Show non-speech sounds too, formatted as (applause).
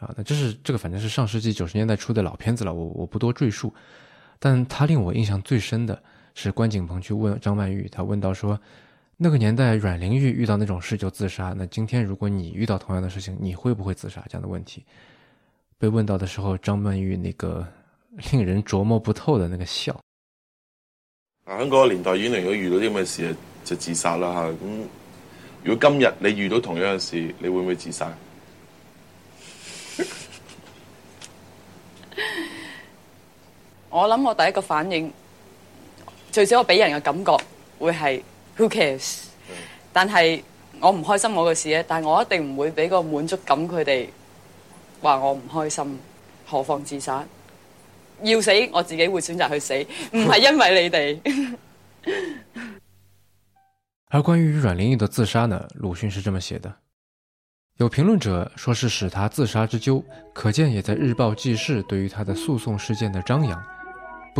啊，那這是這個，反正是上世紀九十年代出的老片子了，我我不多贅述。但他令我印象最深的是關錦鵬去問張曼玉，他問到說，那個年代阮玲玉遇到那種事就自殺，那今天如果你遇到同樣的事情，你會不會自殺？這樣的問題，被問到的時候，張曼玉那個令人琢磨不透的那個笑。啊，喺嗰個年代，原來如果遇到啲咁嘅事就自殺啦吓。咁如果今日你遇到同樣的事，你會唔會自殺？我諗我第一個反應，最少我俾人嘅感覺會係 who cares，但係我唔開心我嘅事，但係我一定唔會俾個滿足感佢哋話我唔開心，何況自殺，要死我自己會選擇去死，唔係因為你哋。 (laughs) 而關於阮玲玉的自殺呢？魯迅是這麼寫的，有評論者說是使她自殺之咎，可見也在《日報記事》對於她的訴訟事件的張揚。